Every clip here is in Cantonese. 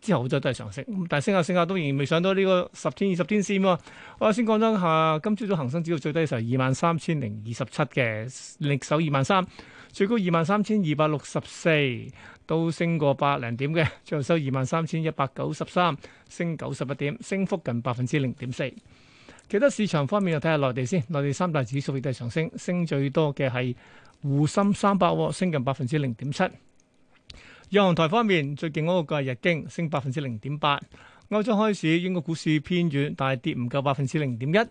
之後好多都係上升，但係升下升下都仍然未上到呢個十天二十天線喎。我先講咗一下，今朝早恒生指數最低嘅時候二萬三千零二十七嘅，力守二萬三，最高二萬三千二百六十四，都升過百零點嘅，最後收二萬三千一百九十三，升九十一點，升幅近百分之零點四。其他市場方面，我睇下內地先，內地三大指數亦都係上升，升最多嘅係滬深三百，升近百分之零點七。銀行台方面，最勁嗰個係日經升百分之零點八。歐洲開市，英國股市偏軟，但係跌唔夠百分之零點一。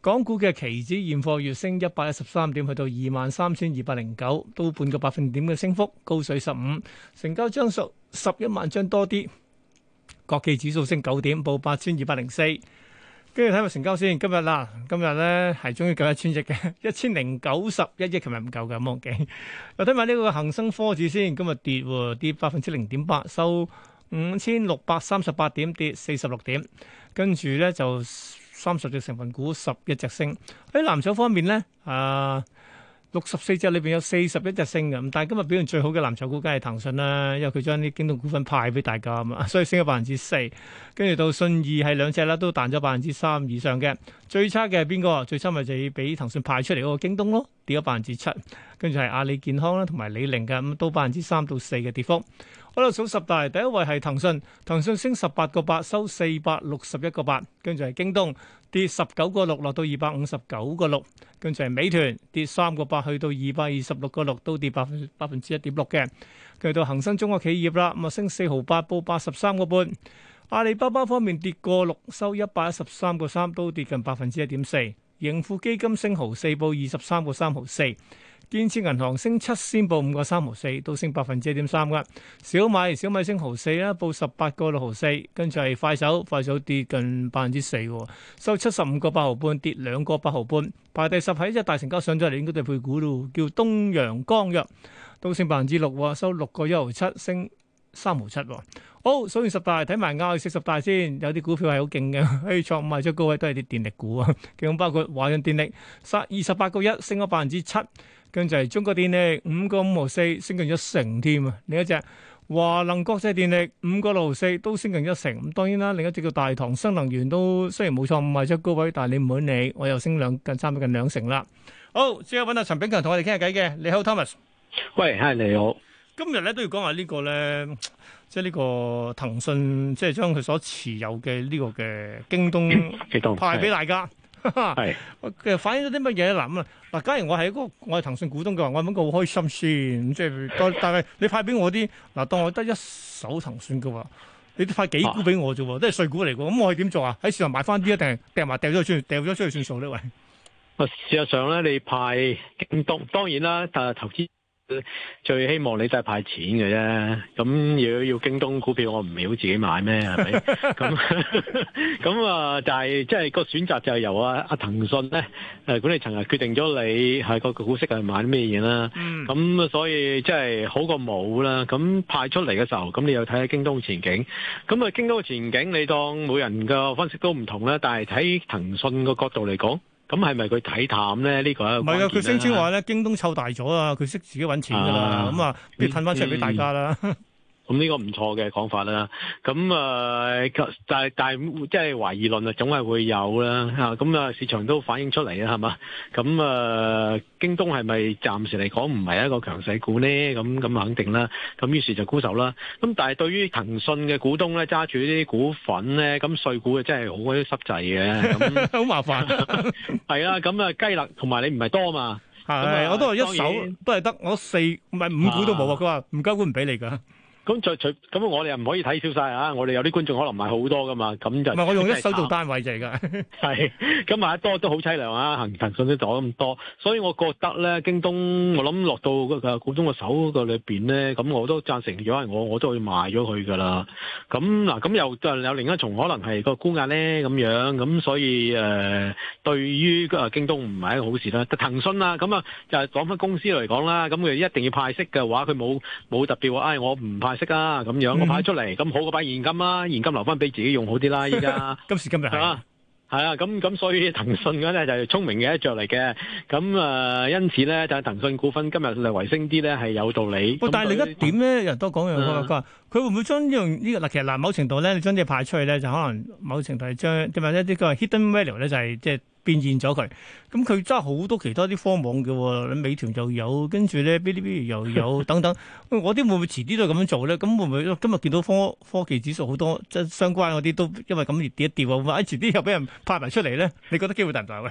港股嘅期指現貨月升一百一十三點，去到二萬三千二百零九，都半個百分點嘅升幅，高水十五，成交張數十一萬張多啲。國企指數升九點，報八千二百零四。跟住睇下成交先，今日啦，今日咧係終於夠一千億嘅，一千零九十一億，琴日唔夠嘅，忘記。我睇埋呢個恒生科指先，今日跌喎，跌百分之零點八，收五千六百三十八點，跌四十六點。跟住咧就三十隻成分股，十一隻升。喺藍籌方面咧，啊、呃。六十四隻裏邊有四十一隻升嘅，咁但係今日表現最好嘅藍籌股梗係騰訊啦，因為佢將啲京東股份派俾大家啊嘛，所以升咗百分之四，跟住到信義係兩隻啦，都彈咗百分之三以上嘅。最差嘅係邊個？最差咪就要俾騰訊派出嚟嗰個京東咯，跌咗百分之七，跟住係阿里健康啦，同埋李寧嘅，咁都百分之三到四嘅跌幅。我哋數十大，第一位係騰訊，騰訊升十八個八，收四百六十一個八。跟住係京東跌十九個六，落到二百五十九個六。跟住係美團跌三個八，去到二百二十六個六，都跌百分百分之一點六嘅。跟住到恒生中國企業啦，咁啊升四毫八，報八十三個半。阿里巴巴方面跌過六，收一百一十三個三，都跌近百分之一點四。盈富基金升毫四，報二十三個三毫四。建設銀行升七先，報五個三毫四，都升百分之一點三嘅。小米小米升毫四啦，報十八個六毫四，跟住係快手快手跌近百分之四，收七十五個八毫半，跌兩個八毫半，排第十係一隻大成交上咗嚟，應該都係配股咯，叫東陽光藥，都升百分之六，收六個一毫七，升三毫七。好，數完十大，睇埋亞市十大先，有啲股票係好勁嘅，誒，創埋咗高位都係啲電力股啊，其中包括華潤電力，十二十八個一，升咗百分之七。咁就係中國電力五個五毫四，升近一成添啊！另一隻華能國際電力五個六毫四，都升近一成。咁當然啦，另一隻叫大唐新能源都雖然冇創五或者高位，但係你唔會理，我又升兩近差唔多近兩成啦。好，最後揾阿陳炳強同我哋傾下偈嘅。你好，Thomas。喂，係，你好。今日咧都要講下呢個咧，即係呢個騰訊，即係將佢所持有嘅呢個嘅京東派俾大家。係，其實反映咗啲乜嘢諗啊？嗱、那個，假如我係一個我係騰訊股東嘅話，我諗佢好開心先。即係，但係你派俾我啲。嗱，當我得一手騰訊嘅話，你派幾股俾我啫？喎，都係碎股嚟嘅，咁我可以點做啊？喺市場買翻啲一定係掟埋掉咗出去，掉咗出去算數呢？喂，事實上咧，你派京東，當然啦，但係投資。最希望你都係派錢嘅啫，咁如果要京東股票，我唔係好自己買咩？係咪？咁咁啊，但係即係個選擇就係由阿阿騰訊咧，誒管理層係決定咗你係個股息係買咩嘢啦。咁所以即係好過冇啦。咁派出嚟嘅時候，咁你又睇下京東前景。咁啊，京東前景你當每人嘅分析都唔同啦，但係睇騰訊個角度嚟講。咁係咪佢睇淡咧？這個、個呢個係唔係啊？佢聲稱話咧，京東湊大咗啊，佢識自己搵錢噶啦，咁啊，不如褪翻出嚟俾大家啦。嗯 咁呢個唔錯嘅講法啦。咁啊，但係但係即係懷疑論啊，總係會有啦。嚇，咁啊，市場都反映出嚟啊，係嘛？咁啊，京東係咪暫時嚟講唔係一個強勢股咧？咁咁肯定啦。咁於是就沽守啦。咁但係對於騰訊嘅股東咧，揸住啲股份咧，咁碎股啊，真係好鬼濕滯嘅。好麻煩。係啊。咁啊，雞肋同埋你唔係多嘛？係，我都係一手，都係得我四唔係五股都冇。佢話唔夠股唔俾你㗎。咁就咁我哋又唔可以睇消晒啊！我哋有啲觀眾可能買好多㗎嘛，咁就唔、是、係我用一手做單位嚟㗎。係 咁買得多都好凄涼啊！騰騰訊都做咗咁多，所以我覺得咧，京東我諗落到個股東個手個裏面咧，咁我都贊成咗係我，我都會賣咗佢㗎啦。咁嗱，咁又有另一重可能係個沽壓咧咁樣，咁所以誒、呃，對於京東唔係一個好事啦。騰訊咁啊就講翻公司嚟講啦，咁佢一定要派息嘅話，佢冇冇特別話，誒我唔派。識啊，咁樣我派出嚟咁好過擺現金啦，現金留翻俾自己用好啲啦。依家今時今日係係啊，咁咁所以騰訊嘅咧就係聰明嘅一著嚟嘅，咁啊因此咧就係騰訊股份今日略為升啲咧係有道理。但係另一點咧，又多講又八卦，佢會唔會將呢樣呢個嗱，其實嗱，某程度咧你將啲派出去咧，就可能某程度係將即係話咧啲叫 hidden value 咧，就係即係。變現咗佢，咁佢揸好多其他啲科網嘅、哦，你美團又有，跟住咧 Bilibili 又有 等等。我啲會唔會遲啲都係咁樣做咧？咁會唔會今日見到科科技指數好多即係相關嗰啲都因為咁而跌一跌啊？會唔會遲啲又俾人派埋出嚟咧？你覺得機會大唔大喂？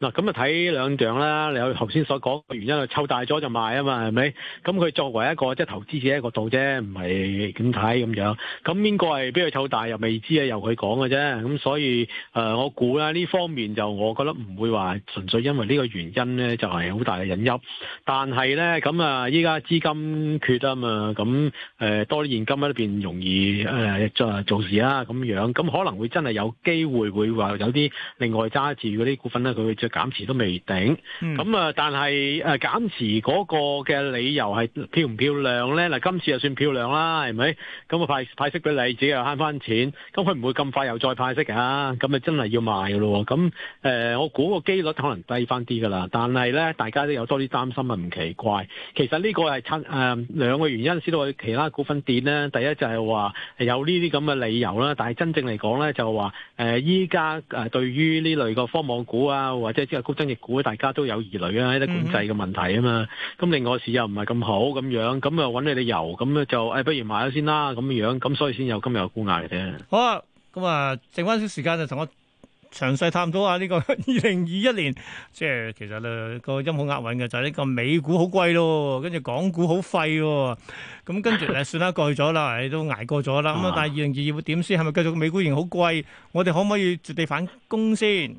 嗱咁啊，睇兩樣啦。你有頭先所講個原因啊，湊大咗就賣啊嘛，係咪？咁佢作為一個即係投資者嘅角度啫，唔係點睇咁樣。咁邊個係畀佢湊大又未知啊，由佢講嘅啫。咁所以誒，我估啦，呢方面就我覺得唔會話純粹因為呢個原因咧，就係好大嘅隱憂。但係咧，咁啊，依家資金缺啊嘛，咁誒多啲現金喺入面容易誒再做事啦，咁樣。咁可能會真係有機會會話有啲另外揸住嗰啲股份咧，佢會。減持都未頂，咁、嗯、啊，但係誒減持嗰個嘅理由係漂唔漂亮咧？嗱，今次就算漂亮啦，係咪？咁啊派派息俾你，自己又慳翻錢，咁佢唔會咁快又再派息啊？咁咪真係要賣㗎咯？咁誒、呃，我估個機率可能低翻啲㗎啦。但係咧，大家都有多啲擔心啊，唔奇怪。其實呢個係七誒兩個原因先到去其他股份跌咧。第一就係話有呢啲咁嘅理由啦，但係真正嚟講咧，就話誒依家誒對於呢類個科網股啊，或者即係之後高增熱股，大家都有疑慮啊！啲管制嘅問題啊嘛，咁另外市又唔係咁好咁樣，咁又揾你哋遊，咁咧就誒，不如賣咗先啦咁樣，咁所以先有今日嘅高壓嘅。好啊，咁啊，剩翻少時間就同我詳細探討下呢個二零二一年，即係其實呢個音好押韻嘅，就係呢個美股好貴咯，跟住港股好廢，咁跟住誒算啦，過咗啦，誒都捱過咗啦。咁啊，但係二零二二會點先？係咪繼續美股仍然好貴？我哋可唔可以絕地反攻先？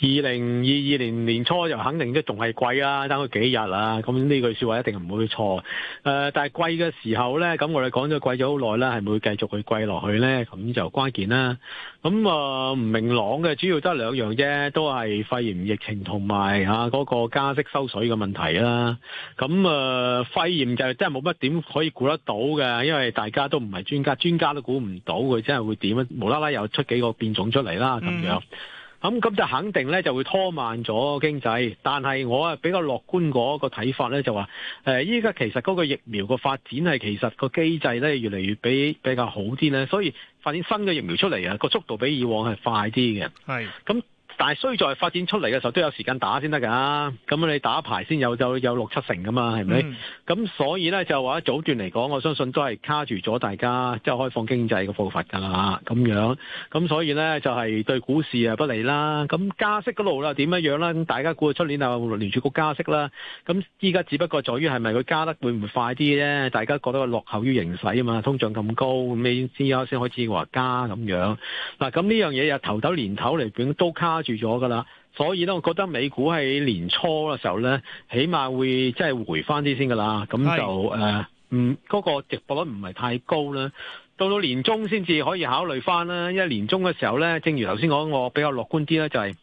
二零二二年年初就肯定都仲係貴啊，等佢幾日啊，咁呢句說話一定唔會錯誒、呃。但係貴嘅時候呢，咁我哋講咗貴咗好耐啦，係咪會繼續去貴落去呢？咁就關鍵啦。咁啊唔明朗嘅，主要得兩樣啫，都係肺炎疫情同埋啊嗰個加息收水嘅問題啦。咁啊、呃、肺炎就真係冇乜點可以估得到嘅，因為大家都唔係專家，專家都估唔到佢真係會點啊，無啦啦又出幾個變種出嚟啦咁樣。嗯咁咁就肯定咧，就會拖慢咗經濟。但係我啊比較樂觀嗰個睇法咧、就是，就話誒，依家其實嗰個疫苗個發展係其實個機制咧，越嚟越比比較好啲咧，所以發展新嘅疫苗出嚟啊，個速度比以往係快啲嘅。係咁。但係雖在發展出嚟嘅時候，都有時間打先得㗎。咁你打牌先有，就有六七成㗎嘛，係咪？咁、嗯、所以呢，就話早段嚟講，我相信都係卡住咗大家即係開放經濟嘅步伐㗎啦。咁樣咁所以呢，就係、是、對股市啊不利啦。咁加息嗰路呢點樣樣啦？咁大家估出年啊聯儲局加息啦。咁依家只不過在於係咪佢加得會唔會快啲呢？大家覺得佢落後於形勢啊嘛，通脹咁高，咁你先有先開始話加咁樣。嗱咁呢樣嘢又頭頭年頭嚟講都卡。住咗噶啦，所以咧，我覺得美股喺年初嘅時候咧，起碼會即係回翻啲先噶啦。咁就誒，嗯、呃，嗰個值博率唔係太高啦。到到年中先至可以考慮翻啦，因為年中嘅時候咧，正如頭先講，我比較樂觀啲咧，就係、是。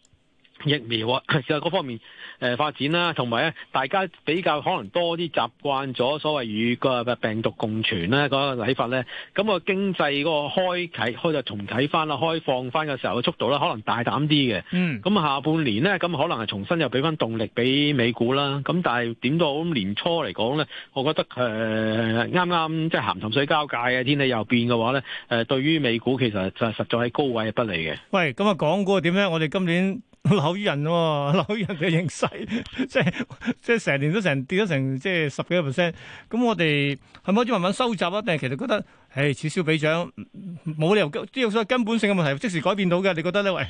疫苗啊，其實嗰方面誒發展啦，同埋咧，大家比較可能多啲習慣咗所謂與個病毒共存啦。嗰個睇法咧，咁個經濟嗰個開啓開就重啓翻啦，開放翻嘅時候嘅速度咧，可能大膽啲嘅。嗯，咁下半年咧，咁可能係重新又俾翻動力俾美股啦。咁但係點都年初嚟講咧，我覺得誒啱啱即係鹹淡水交界嘅天氣又變嘅話咧，誒、呃、對於美股其實就係實在係高位不利嘅。喂，咁啊港股點咧？我哋今年。老人喎，老人嘅形勢，即係即係成年都成跌咗成即係十幾個 percent，咁我哋係咪可以慢慢收集啊？定係其實覺得，誒此消彼長，冇理由即所謂根本性嘅問題即時改變到嘅，你覺得咧？喂，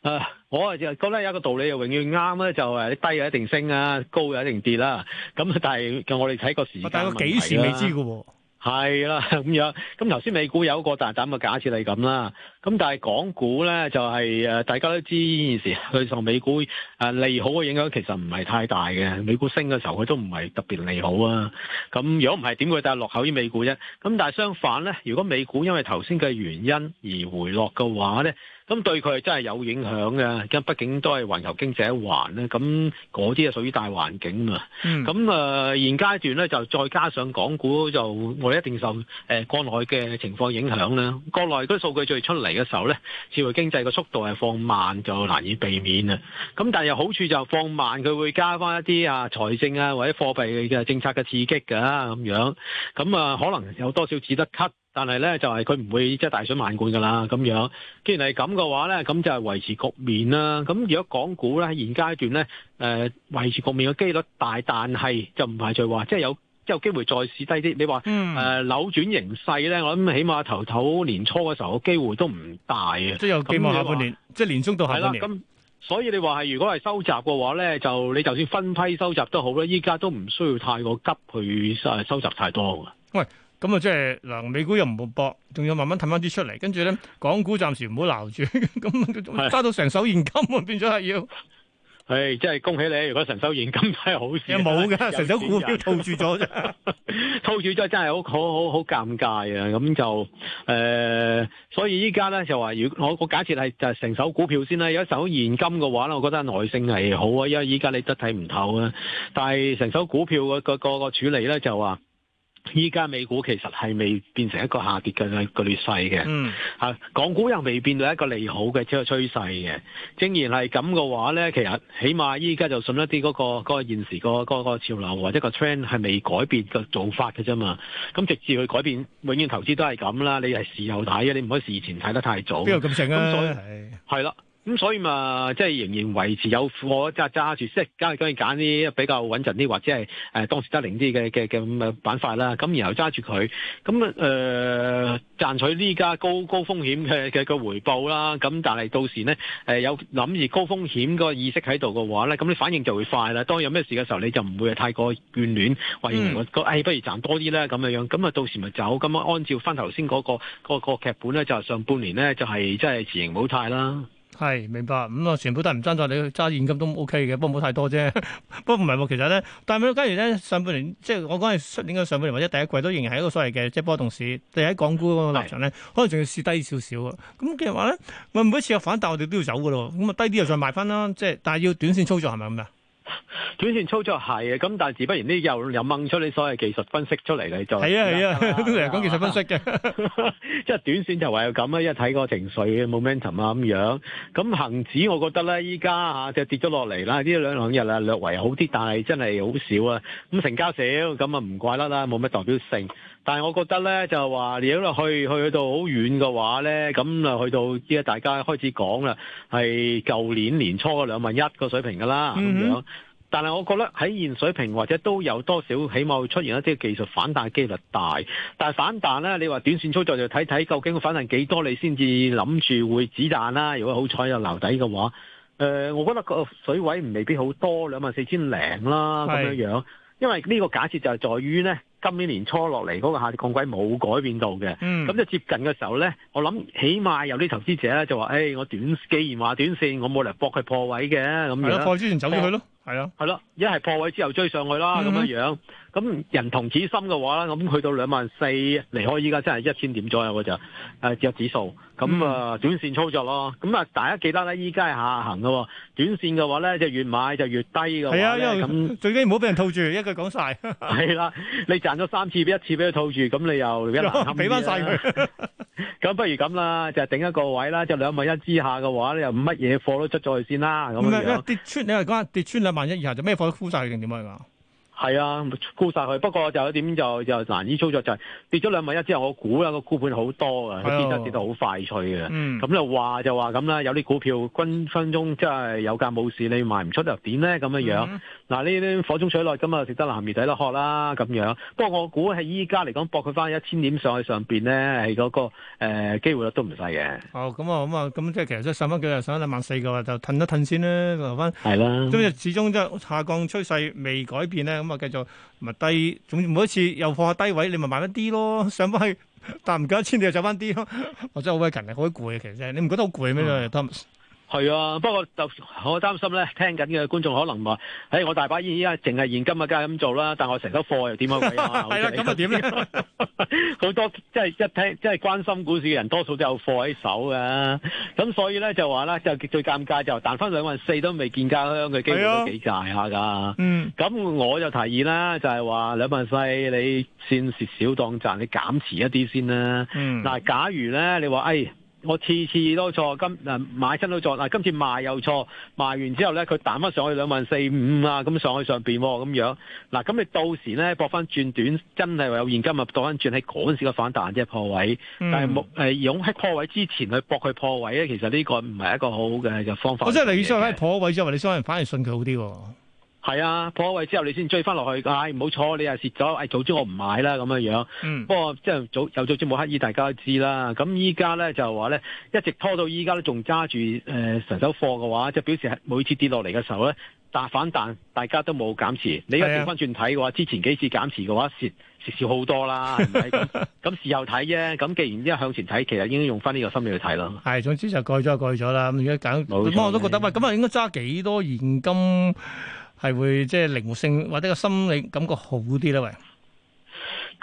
啊，我就覺得有一個道理，永遠啱咧，就誒你低又一定升啊，高又一定跌啦。咁但係我哋睇個時間，但係個幾時未知嘅。係啦咁樣，咁頭先美股有一個大膽嘅假設嚟咁啦，咁但係港股呢，就是，就係大家都知呢件事，佢受美股利好嘅影響其實唔係太大嘅，美股升嘅時候佢都唔係特別利好啊。咁如果唔係點會但係落後於美股啫？咁但係相反呢，如果美股因為頭先嘅原因而回落嘅話呢。咁對佢真係有影響嘅，因為畢竟都係環球經濟一環咧。咁嗰啲係屬於大環境啊。咁、嗯、啊、呃，現階段咧就再加上港股就我一定受誒、呃、國內嘅情況影響啦。國內嗰啲數據最出嚟嘅時候咧，視為經濟嘅速度係放慢就難以避免啊。咁但係又好處就放慢，佢會加翻一啲啊財政啊或者貨幣嘅政策嘅刺激㗎、啊、咁樣。咁啊，可能有多少只得咳。但係咧，就係佢唔會即係大水漫灌噶啦咁樣。既然係咁嘅話咧，咁就係維持局面啦。咁如果港股咧，現階段咧，誒、呃、維持局面嘅幾率大，但係就唔排除話，即、就、係、是、有即係、就是、機會再試低啲。你話誒、嗯呃、扭轉形勢咧，我諗起碼頭頭年初嘅時候嘅機會都唔大嘅、啊。即係有機會喎，半年、就是、即係年中都係係啦，咁所以你話係如果係收集嘅話咧，就你就算分批收集好都好啦，依家都唔需要太過急去收集太多嘅喂。咁啊，即係嗱，美股又唔好搏，仲要慢慢褪翻啲出嚟，跟住咧，港股暫時唔好留住，咁 揸到成手現金、啊、變咗係要，唉，即係恭喜你！如果成手現金真係好事，有冇㗎？成手股票套住咗啫，套住咗真係好好好好尷尬啊！咁就誒、呃，所以依家咧就話，如果我我假設係就成手股票先啦，有手現金嘅話咧，我覺得耐性係好啊，因為依家你真睇唔透啊，但係成手股票個個個處理咧就話。依家美股其實係未變成一個下跌嘅個劣勢嘅，嗯，嚇，港股又未變到一個利好嘅即係趨勢嘅。既然係咁嘅話咧，其實起碼依家就順一啲嗰個嗰個現時嗰個潮流或者個 trend 係未改變嘅做法嘅啫嘛。咁直至佢改變，永遠投資都係咁啦。你係事後睇嘅，你唔可以事前睇得太早。邊有咁正咁衰，咁所以係咯。咁、嗯、所以嘛，即係仍然維持有貨揸揸住，即係梗係揀啲比較穩陣啲，或者係誒當時得令啲嘅嘅嘅咁嘅板塊啦。咁然後揸住佢，咁啊誒賺取呢家高高風險嘅嘅嘅回報啦。咁但係到時呢，有諗住高風險個意識喺度嘅話呢，咁你反應就會快啦。當有咩事嘅時候，你就唔會係太過眷戀，話誒個不如賺多啲啦咁樣樣。咁啊到時咪走。咁啊按照翻頭先嗰個嗰、那個那個、劇本呢，就上半年呢，就係即係持盈保泰啦。係明白，咁、嗯、啊全部都係唔爭在你揸現金都 O K 嘅，不過唔好太多啫。不過唔係喎，其實咧，但係如果假如咧上半年，即係我講係上年嘅上半年或者第一季都仍然係一個所謂嘅即波動市。第一喺港股嗰個立場咧，可能仲要試低少少。咁其實話咧，我每一次有反彈，我哋都要走嘅咯。咁啊低啲又再賣翻啦，即係但係要短線操作係咪咁啊？ 短線操作係啊，咁但係自不然呢又又掹出你所謂技術分析出嚟嚟做。係啊係啊，啊，都嚟講技術分析嘅。即 係 短線就唯有咁啊，一睇個情緒、momentum 啊咁樣。咁恒指我覺得咧，依家吓就跌咗落嚟啦，呢兩兩日啦，略為好啲，但係真係好少啊。咁成交少，咁啊唔怪得啦，冇咩代表性。但係我覺得呢，就話如果落去去到好遠嘅話呢，咁啊去到依家大家開始講啦，係舊年年初嘅兩萬一個水平噶啦咁樣。但係我覺得喺現水平或者都有多少，起碼會出現一啲技術反彈嘅幾率大。但係反彈呢，你話短線操作就睇睇究竟反彈幾多，你先至諗住會止賺啦。如果好彩有留底嘅話，誒、呃，我覺得個水位唔未必好多，兩萬四千零啦咁樣樣。因為呢個假設就係在於呢。今年年初落嚟嗰個下跌降軌冇改變到嘅，咁、嗯、就接近嘅時候咧，我諗起碼有啲投資者咧就話：，誒、欸、我短，既然話短線，我冇嚟搏佢破位嘅，咁樣破位之前走咗佢咯，係啊，係咯，一係破位之後追上去啦，咁、嗯、樣樣。咁人同此心嘅話咧，咁去到兩萬四，離開依家真係一千點左右嘅就隻指數，咁啊、嗯、短線操作咯。咁啊大家記得咧，依家係下行嘅喎，短線嘅話咧就越買就越低嘅喎。係啊，因為咁最緊要唔好俾人套住， 一句講晒，係 啦、啊，你賺咗三次，俾一次俾佢套住，咁你又難一難俾翻曬佢。咁不如咁啦，就係頂一個位啦，就兩萬一之下嘅話咧，又乜嘢貨都出咗去先啦。咁樣跌穿你話講跌穿兩萬一以下就咩貨都沽曬定點樣啊？係啊，沽晒佢。不過就一點就就難以操作，就係，就係跌咗兩萬一之後，我估啦、個沽盤好多呀，佢、oh. 跌得跌到好快脆嘅。咁、mm. 就話就話咁啦，有啲股票均分鐘即係有價冇市，你賣唔出又點咧？咁樣樣。Mm. 嗱呢啲火中取栗咁啊，食得鹹魚抵得渴啦咁樣。不過我估係依家嚟講，博佢翻一千點上去上邊咧，係嗰個誒機會率都唔細嘅。哦，咁、嗯、啊，咁、嗯、啊，咁即係其實即係上翻幾日上翻兩萬四嘅話，就褪一褪先、嗯、啦，留翻。係啦。因始終即係下降趨勢未改變咧，咁、嗯、啊繼續咪低。總之每一次又放下低位，你咪買翻啲咯。上翻去但唔夠一千就一點又走翻啲咯。我真係好鬼勤力，好 攰，其實你唔覺得好攰咩？係啊，不過就我擔心咧，聽緊嘅觀眾可能話：，誒、哎，我大把依家淨係現金啊，梗係咁做啦。但我成堆貨又點啊？係咁啊點咧？好 多即係、就是、一聽，即、就、係、是、關心股市嘅人，多數都有貨喺手噶。咁所以咧就話咧，就最尷尬就是、彈翻兩萬四都未見價升嘅機會都幾大下噶。嗯、啊。咁我就提議啦，就係話兩萬四你先蝕少當賺，你減持一啲先啦。嗯。嗱，啊嗯、但假如咧，你話誒。哎我次次都錯，今嗱買親都錯，嗱今次賣又錯，賣完之後咧佢彈翻上去兩萬四五啊，咁上去上邊喎咁樣，嗱咁你到時咧博翻轉短，真係話有現金咪當翻轉喺嗰陣時嘅反彈即係破位，但係冇用喺破位之前去博佢破位咧，其實呢個唔係一個好嘅嘅方法。我即係你想喺破位之後，你商人反而信佢好啲喎。係啊，破位之後，你先追翻落去。唉、哎，唔好錯，你又蝕咗。唉、哎，早知我唔買啦，咁樣嗯。不過即係早又早知冇刻意，大家都知啦。咁依家咧就話咧，一直拖到依家都仲揸住誒成手貨嘅話，即係表示係每次跌落嚟嘅時候咧，大反彈大家都冇減持。你而家調翻轉睇嘅話、啊，之前幾次減持嘅話蝕蝕少好多啦。咁咁事後睇啫。咁 既然因為向前睇，其實應該用翻呢個心理去睇咯。係，總之蓋咗就蓋咗就蓋咗啦。咁而家咁我都覺得喂，咁啊應該揸幾多現金？係會即係、就是、靈活性，或者個心理感覺好啲咧，喂。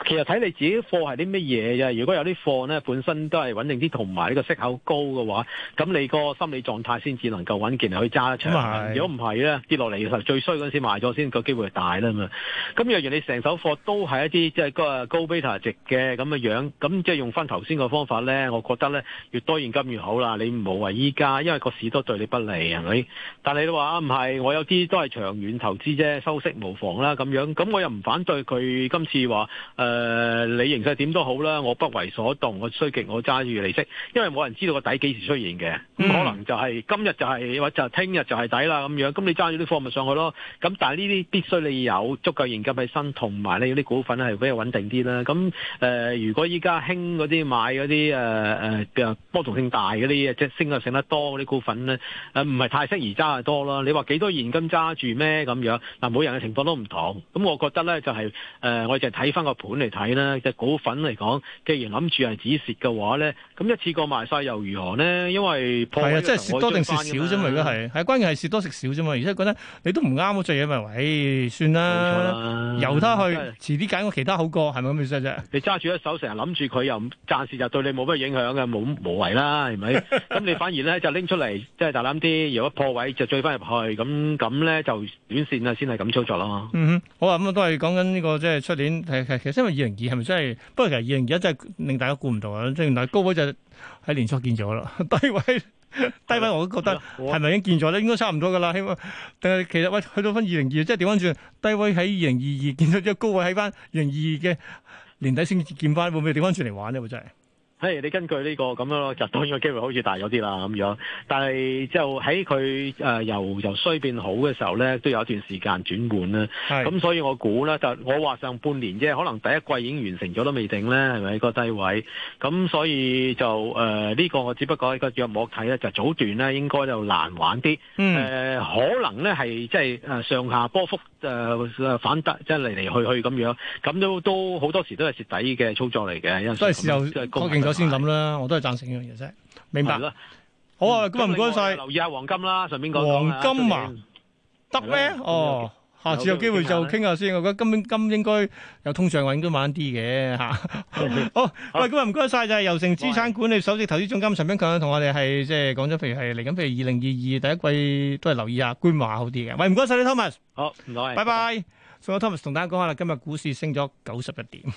其實睇你自己貨係啲乜嘢嘅，如果有啲貨呢，本身都係穩定啲，同埋呢個息口高嘅話，咁你個心理狀態先至能夠穩健去揸得長。如果唔係呢，跌落嚟，其實最衰嗰陣時賣咗先個機會大啦嘛。咁若然你成手貨都係一啲即係個高 beta 值嘅咁嘅樣，咁即係用翻頭先個方法呢。我覺得呢，越多現金越好啦。你唔好話依家，因為個市都對你不利，係咪？但係你話唔係，我有啲都係長遠投資啫，收息無妨啦咁樣。咁我又唔反對佢今次話誒、呃，你形勢點都好啦，我不為所動，我衰極我揸住利息，因為冇人知道個底幾時出現嘅、嗯，可能就係、是、今日就係、是，或就聽、是、日就係底啦咁樣。咁你揸住啲貨物上去咯，咁但係呢啲必須你有足夠現金喺身，同埋呢啲股份係比較穩定啲啦。咁誒、呃，如果依家興嗰啲買嗰啲誒誒波動性大嗰啲，即係升又升得多嗰啲股份咧，唔、呃、係太適宜揸多囉。你話幾多現金揸住咩咁樣？嗱，每人嘅情況都唔同，咁我覺得咧就係、是呃、我就係睇翻個盤。本嚟睇啦，即係股份嚟講，既然諗住係止蝕嘅話咧，咁一次過賣晒又如何呢？因為破即係蝕多定蝕少啫嘛，如果係，係關鍵係蝕多食少啫嘛。而且覺得你都唔啱好隻嘢咪，唉，算啦，由他去，遲啲揀個其他好過，係咪咁意思啫？你揸住一手，成日諗住佢，又暫時就對你冇乜影響嘅，冇冇謂啦，係咪？咁 你反而咧就拎出嚟，即係大膽啲。如果破位就追翻入去，咁咁咧就短線啊，先係咁操作啦。嗯哼，好啊，咁啊都係講緊、這、呢個即係出年，因為二零二，係咪真係？不過其實二零二一真係令大家估唔到啊！即係原來高位就喺年初見咗啦，低位低位我都覺得係咪已經見咗咧？應該差唔多噶啦，希望，但係其實喂，去到分二零二二，即係調翻轉，低位喺二零二二見到之後高位喺翻二零二二嘅年底先見翻，會唔會調翻轉嚟玩呢？會唔會真係？Hey, 你根據呢、這個咁樣咯，就當然個機會好似大咗啲啦咁樣。但係就喺佢、呃、由由衰變好嘅時候呢，都有一段時間轉換啦。咁所以我估呢，就我話上半年啫，可能第一季已經完成咗都未定呢，係咪個低位？咁所以就誒呢、呃這個我只不過喺個約莫睇呢，就是、早段呢，應該就難玩啲。誒、嗯呃、可能呢係即係上下波幅誒、呃、反彈即係嚟嚟去去咁樣。咁都都好多時都係蝕底嘅操作嚟嘅，所以先諗啦，我都係贊成呢樣嘢啫。明白。好啊，咁啊唔該晒。留意下黃金啦，順便講。黃金啊，得咩？哦，下次有機會就傾下先。我覺得金金應該有通脹運都慢啲嘅嚇。好，喂，咁啊唔該曬就係郵誠資產管理首席投資總監陳炳強同我哋係即係講咗，譬如係嚟緊，譬如二零二二第一季都係留意下官話好啲嘅。喂，唔該曬你，Thomas。好，唔該。拜拜。咁 Thomas 同大家講下啦，今日股市升咗九十一點。